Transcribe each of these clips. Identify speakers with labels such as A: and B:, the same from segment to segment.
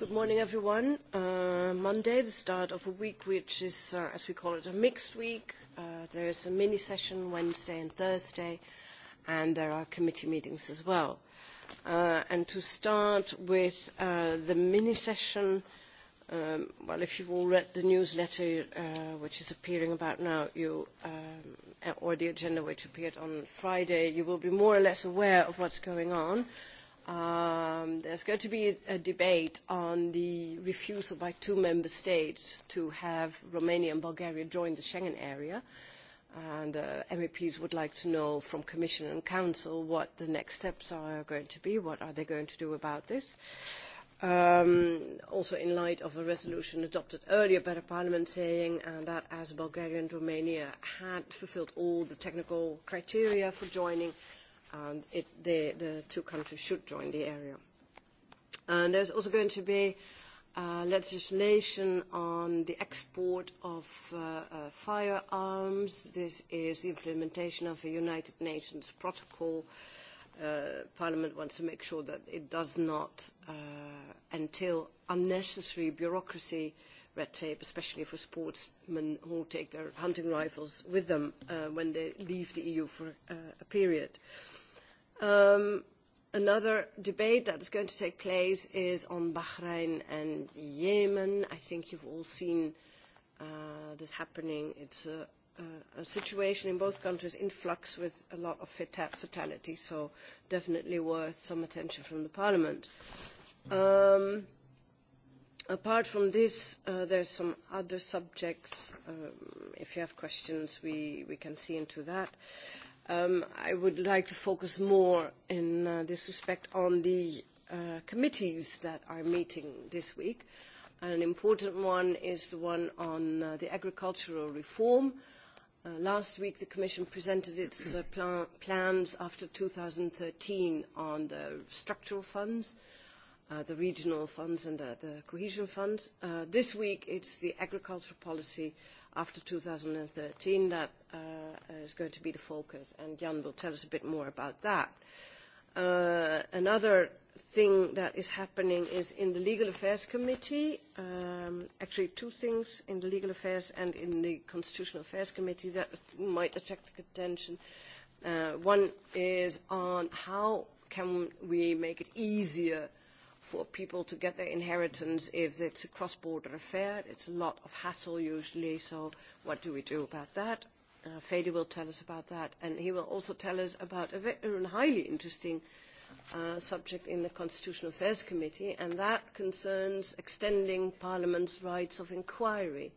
A: Good morning, everyone. Uh, Monday, the start of a week which is, uh, as we call it, a mixed week. Uh, there is a mini session Wednesday and Thursday, and there are committee meetings as well. Uh, and to start with uh, the mini session, um, well, if you've all read the newsletter uh, which is appearing about now, you, um, or the agenda which appeared on Friday, you will be more or less aware of what's going on. Um, there's going to be a, debate on the refusal by two member states to have Romania and Bulgaria join the Schengen area. And uh, MEPs would like to know from Commission and Council what the next steps are going to be. What are they going to do about this? Um, also in light of a resolution adopted earlier by the Parliament saying uh, that as Bulgaria and Romania had fulfilled all the technical criteria for joining, um, it, they, the two countries should join the area. And there's also going to be uh, legislation on the export of uh, uh, firearms. This is the implementation of a United Nations protocol. Uh, Parliament wants to make sure that it does not uh, entail unnecessary bureaucracy, red tape, especially for sportsmen who take their hunting rifles with them uh, when they leave the EU for uh, a period. Um, Another debate that is going to take place is on Bahrain and Yemen. I think you've all seen uh, this happening. It's a, a, a situation in both countries in flux with a lot of fatality, so definitely worth some attention from the Parliament. Um, apart from this, uh, there's some other subjects. Um, if you have questions, we, we can see into that. Uh, Um, I would like to focus more in uh, this respect on the uh, committees that are meeting this week. An important one is the one on uh, the agricultural reform. Uh, last week, the Commission presented its uh, plan plans after 2013 on the structural funds, uh, the regional funds and the, the cohesion fund. this week, it's the agricultural policy uh, after 2013. That uh, is going to be the focus, and Jan will tell us a bit more about that. Uh, another thing that is happening is in the Legal Affairs Committee, um, actually two things in the Legal Affairs and in the Constitutional Affairs Committee that might attract attention. Uh, one is on how can we make it easier for people to get their inheritance if it's a cross-border affair. It's a lot of hassle usually, so what do we do about that? Uh, Fady will tell us about that, and he will also tell us about a very, highly interesting uh, subject in the Constitutional Affairs Committee, and that concerns extending Parliament's rights of inquiry.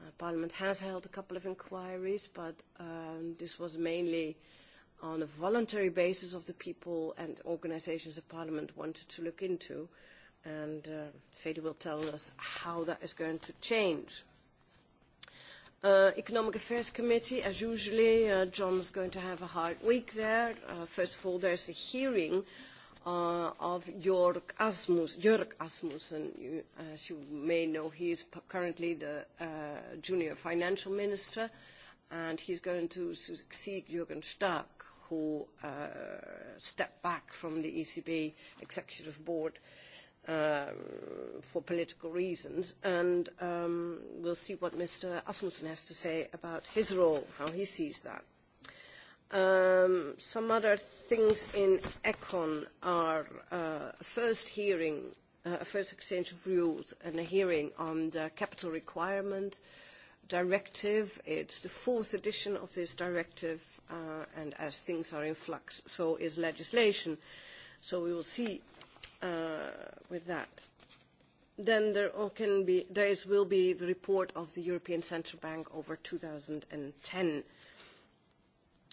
A: Uh, Parliament has held a couple of inquiries, but um, this was mainly uh, on a voluntary basis of the people and organizations of parliament wanted to look into. And uh, Fede will tell us how that is going to change. Uh, Economic Affairs Committee, as usually, uh, John's going to have a hard week there. Uh, first of all, there's a hearing uh, of Jörg, Asmus, Jörg Asmussen. You, as you may know, he is currently the uh, junior financial minister, and he's going to succeed Jürgen Stark who uh, stepped back from the ECB executive board um, for political reasons. And um, we'll see what Mr. Asmussen has to say about his role, how he sees that. Um, some other things in ECON are uh, first hearing, uh, first exchange of views and a hearing on the capital requirement uh, directive. It's the fourth edition of this directive, uh, and as things are in flux, so is legislation. So we will see uh, with that. Then there can be, there is, will be the report of the European Central Bank over 2010.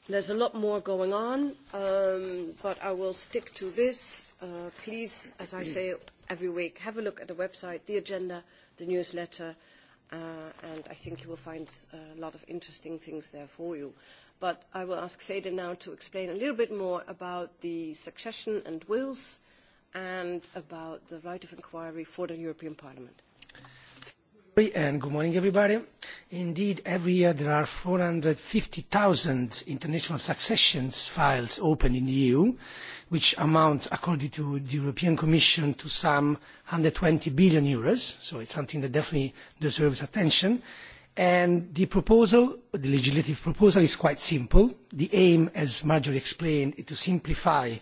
A: There's a lot more going on, um, but I will stick to this. Uh, please, as I say every week, have a look at the website, the agenda, the newsletter, uh, Uh, and I think you will find uh, a lot of interesting things there for you. But I will ask Feder now to explain a little bit more about the succession and wills and about the right of inquiry for the European Parliament.
B: And good morning, everybody. Indeed, every year there are 450,000 international successions files open in the EU, which amount, according to the European Commission, to some 120 billion euros. So it's something that definitely deserves attention. And the proposal, the legislative proposal, is quite simple. The aim, as Marjorie explained, is to simplify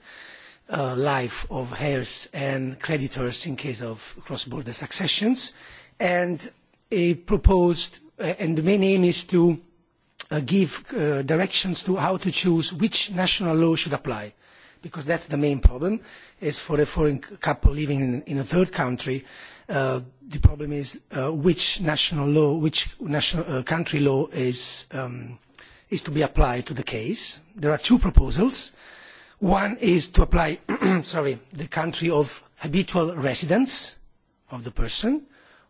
B: uh, life of heirs and creditors in case of cross-border successions, and a proposed Uh, and the main aim is to uh, give uh, directions to how to choose which national law should apply because that's the main problem is for a foreign couple living in, in a third country uh, the problem is uh, which national law which national uh, country law is um, is to be applied to the case there are two proposals one is to apply sorry the country of habitual residence of the person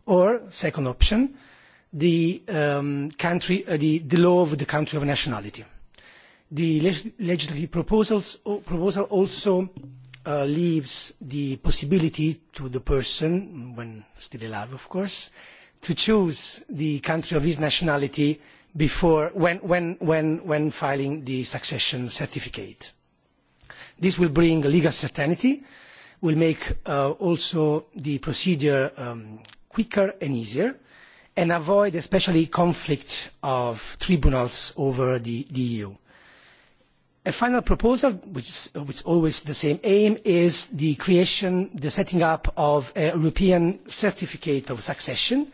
B: or second option uh, the, um, country, uh, the, the law of the country of nationality. The leg legislative proposals, proposal also uh, leaves the possibility to the person, when still alive of course, to choose the country of his nationality before, when, when, when, when filing the succession certificate. This will bring legal certainty, will make uh, also the procedure um, quicker and easier, and avoid especially conflict of tribunals over the, the EU. A final proposal, which is, which is always the same aim, is the creation, the setting up of a European certificate of succession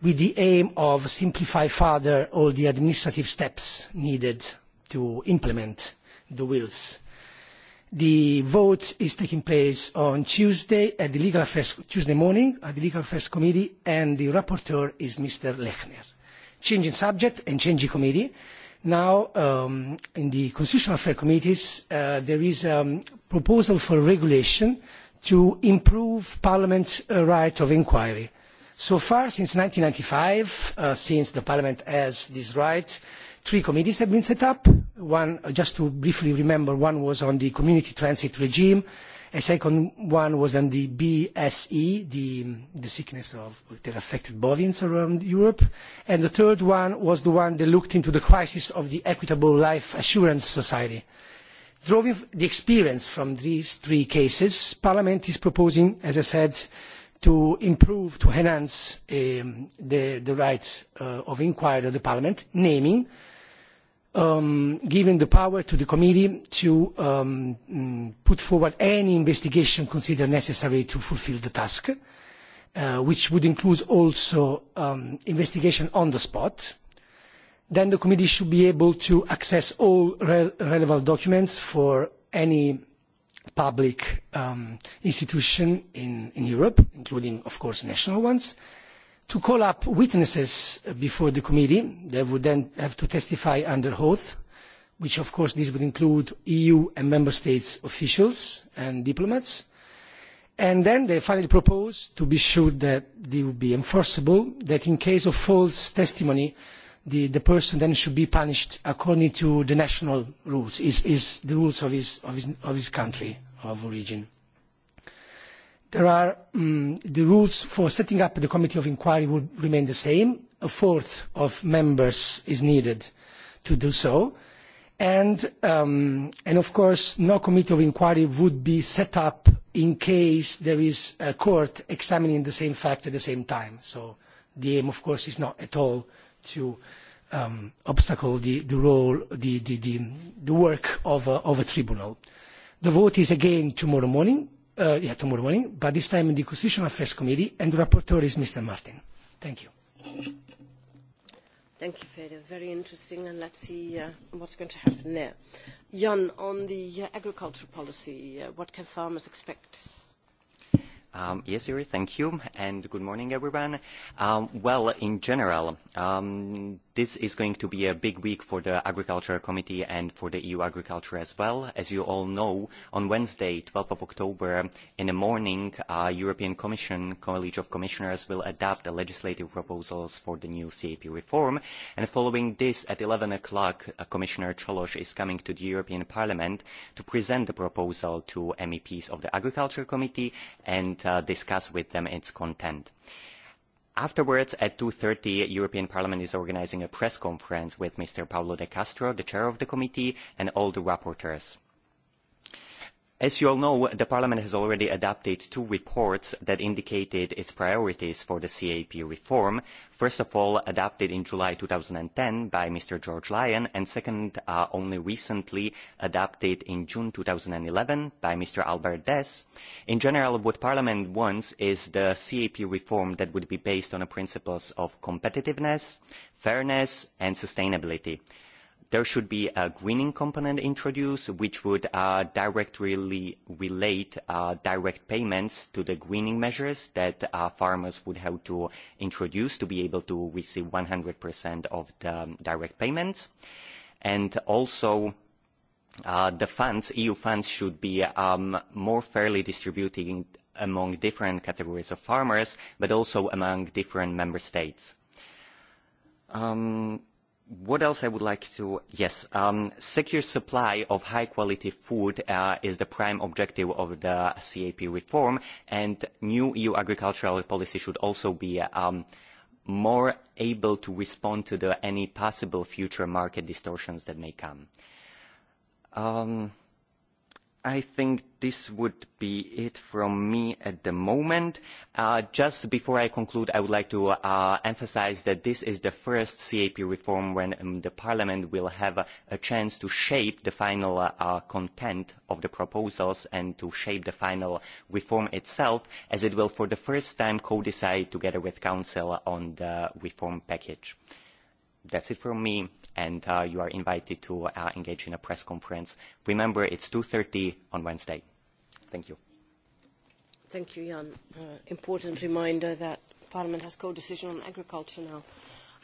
B: with the aim of simplifying further all the administrative steps needed to implement the wills The vote is taking place on Tuesday at the Legal Affairs, Tuesday morning at the Legal Affairs Committee, and the rapporteur is Mr. Lechner. Changing subject and changing committee. Now, um, in the Constitutional Affairs Committees, uh, there is a um, proposal for regulation to improve Parliament's uh, right of inquiry. So far, since 1995, uh, since the Parliament has this right, uh, three committees have been set up. One, uh, just to briefly remember, one was on the community transit regime. A second one was on the BSE, the, um, the sickness of the affected bovines around Europe. And the third one was the one that looked into the crisis of the Equitable Life Assurance Society. Drawing the experience from these three cases, Parliament is proposing, as I said, to improve, to enhance um, the, the rights uh, of inquiry of the Parliament, naming um, giving the power to the committee to um, mm, put forward any investigation considered necessary to fulfil the task, uh, which would include also um, investigation on the spot. Then the committee should be able to access all re relevant documents for any public um, institution in, in Europe, including, of course, national ones to call up witnesses before the committee. They would then have to testify under oath, which of course this would include EU and member states officials and diplomats. And then they finally propose to be sure that they will be enforceable, that in case of false testimony, the, the person then should be punished according to the national rules, is, is the rules of his, of, his, of his country of origin there are um, the rules for setting up the committee of inquiry will remain the same. A fourth of members is needed to do so. And, um, and of course, no committee of inquiry would be set up in case there is a court examining the same fact at the same time. So the aim, of course, is not at all to um, obstacle the, the role, the, the, the, the work of a, of a tribunal. The vote is again tomorrow morning uh, eh, yeah, tomorrow morning, but this time in the Constitutional Affairs Committee, and the rapporteur is Mr. Martin. Thank you.
A: Thank you, Fede. Very interesting, and let's see uh, what's going to happen there. Jan, on the uh, agriculture policy, uh, what can farmers expect?
C: Um, yes, Yuri, thank you, and good morning, everyone. Um, well, in general, um, this is going to be a big week for the Agriculture Committee and for the EU Agriculture as well. As you all know, on Wednesday, 12th of October, in the morning, uh, European Commission College of Commissioners will adopt the legislative proposals for the new CAP reform. And following this, at 11 o'clock, uh, Commissioner Cholos is coming to the European Parliament to present the proposal to MEPs of the Agriculture Committee and uh, discuss with them its content. Afterwards, at 2.30, European Parliament is organising a press conference with Mr. Paolo de Castro, the chair of the committee, and all the rapporteurs as you all know the parliament has already adopted two reports that indicated its priorities for the cap reform first of all adopted in july two thousand and ten by mr george lyon and second uh, only recently adopted in june two thousand and eleven by mr albert dess. in general what parliament wants is the cap reform that would be based on the principles of competitiveness fairness and sustainability there should be a greening component introduced which would uh, directly relate uh, direct payments to the greening measures that uh, farmers would have to introduce to be able to receive 100% of the um, direct payments. And also, uh, the funds, EU funds, should be um, more fairly distributed among different categories of farmers, but also among different member states. Um, what else I would like to, yes, um, secure supply of high quality food uh, is the prime objective of the CAP reform and new EU agricultural policy should also be um, more able to respond to the, any possible future market distortions that may come. Um, i think this would be it from me at the moment. Uh, just before I conclude, I would like to uh, emphasize that this is the first CAP reform when um, the Parliament will have a, a, chance to shape the final uh, uh, content of the proposals and to shape the final reform itself, as it will for the first time co-decide together with Council on the reform package. That's it from me and uh, you are invited to uh, engage in a press conference. Remember, it's 2.30 on Wednesday. Thank you.
A: Thank you, Jan. Uh, important reminder that Parliament has co-decision on agriculture now.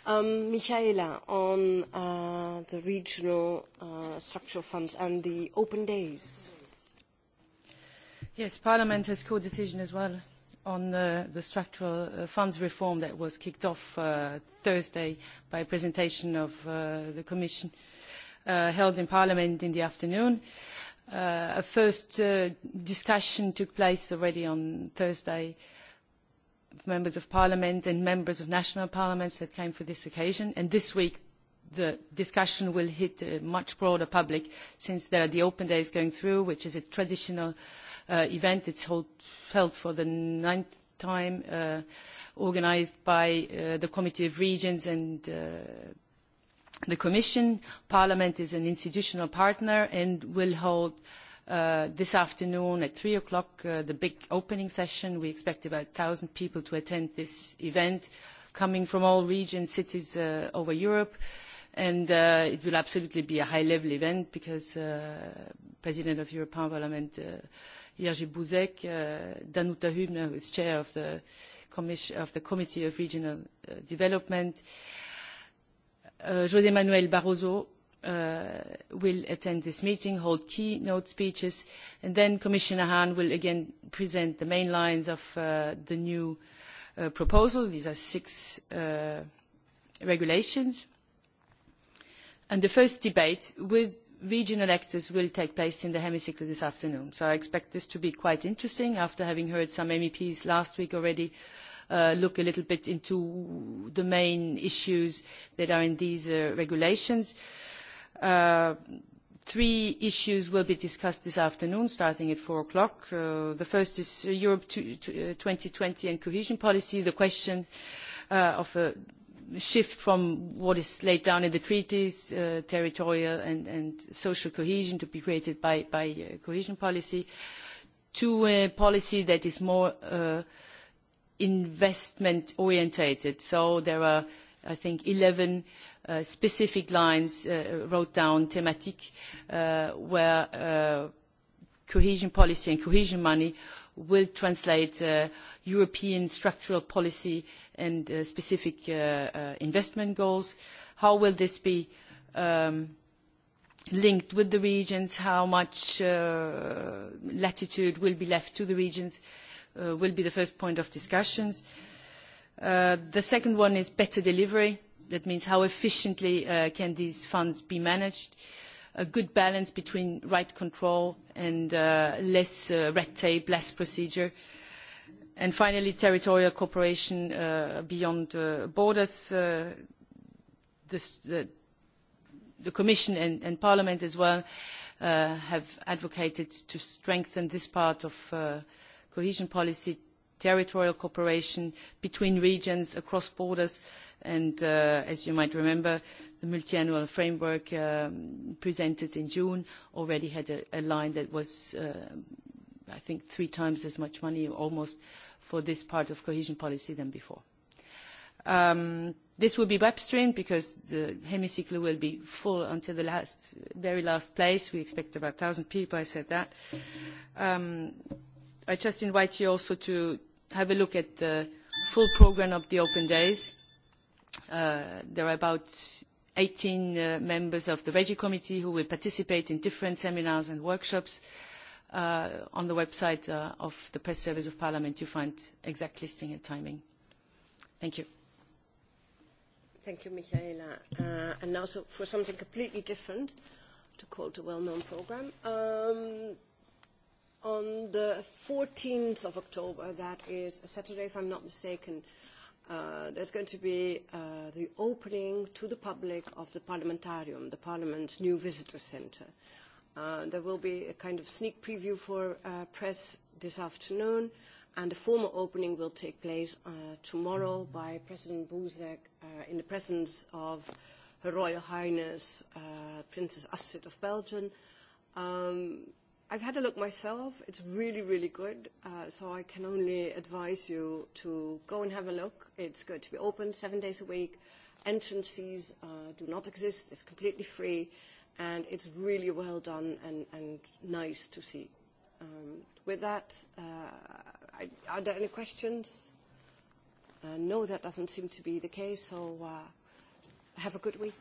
A: Um, Michaela, on uh, the regional uh, structural funds and the open days.
D: Yes, Parliament has co-decision as well on uh, the structural uh, funds reform that was kicked off uh, Thursday by a presentation of uh, the Commission uh, held in Parliament in the afternoon. a first discussion took place already on Thursday with members of Parliament and members of national parliaments that came for this occasion. And this week the discussion will hit a much broader public since there are the open days going through, which is a traditional uh, uh, event. It's hold, held for the ninth time, uh, organized by uh, the Committee of Regions and uh, the Commission. Parliament is an institutional partner and will hold Uh, this afternoon at 3 o'clock, uh, the big opening session. We expect about 1,000 people to attend this event, coming from all regions, cities uh, over Europe. And uh, it will absolutely be a high-level event because uh, President of European Parliament uh, Jerzy Buzek. Uh, Danuta Hübner, who is chair of the, of the Committee of Regional uh, Development. Uh, Manuel Barroso uh, will attend this meeting, hold keynote speeches, and then Commissioner Hahn will again present the main lines of uh, the new uh, proposal. These are six uh, regulations. And the first debate with regional actors will take place in the hemicycle this afternoon. So I expect this to be quite interesting after having heard some MEPs last week already uh, look a little bit into the main issues that are in these uh, regulations. Uh, three issues will be discussed this afternoon, starting at 4 o'clock. Uh, the first is uh, Europe to, to, uh, 2020 and cohesion policy, the question uh, of a uh, shift from what is laid down in the treaties, uh, territorial and, and social cohesion to be created by, by uh, cohesion policy, to a policy that is more uh, investment orientated. So there are, I think, 11 uh, specific lines uh, wrote down, thematic, uh, where uh, cohesion policy and cohesion money will translate uh, European structural policy uh, and uh, specific uh, uh, investment goals? How will this be um, linked with the regions? How much uh, latitude will be left to the regions? Uh, will be the first point of discussions. Uh, the second one is better delivery. That means how efficiently can these funds be managed? a good balance between right control and less red tape, less procedure. Uh, and finally, territorial cooperation uh, beyond uh, borders. Uh, this, the, the Commission and, and Parliament as well uh, have advocated to strengthen this part of uh, cohesion policy, territorial cooperation between regions, across borders, and uh, as you might remember, the multiannual framework um, presented in June already had a, a line that was uh, i think, three times as much money almost for this part of cohesion policy than before. Um, this will be web streamed because the hemicycle will be full until the last, very last place. We expect about 1,000 people, I said that. Um, I just invite you also to have a look at the full programme of the open days. Uh, there are about 18 uh, members of the Regi Committee who will participate in different seminars and workshops. Uh, on the website uh, of the press service of parliament you find exact listing and timing. Thank you.
A: Thank you, Michaela. Uh, and now so for something completely different, to quote a well-known program, um, on the 14th of October, that is a Saturday if I'm not mistaken, uh, there's going to be uh, the opening to the public of the Parliamentarium, the Parliament's new visitor centre. Uh, Uh, there will be a kind of sneak preview for uh, press this afternoon, and the formal opening will take place uh, tomorrow by President Buzek uh, in the presence of Her Royal Highness uh, Princess Astrid of Belgium. Um, I've had a look myself. It's really, really good. Uh, so I can only advise you to go and have a look. It's going to be open seven days a week. Entrance fees uh, do not exist. It's completely free and it's really well done and, and nice to see. Um, with that, uh, I, are there any questions? Uh, no, that doesn't seem to be the case, so uh, have a good week.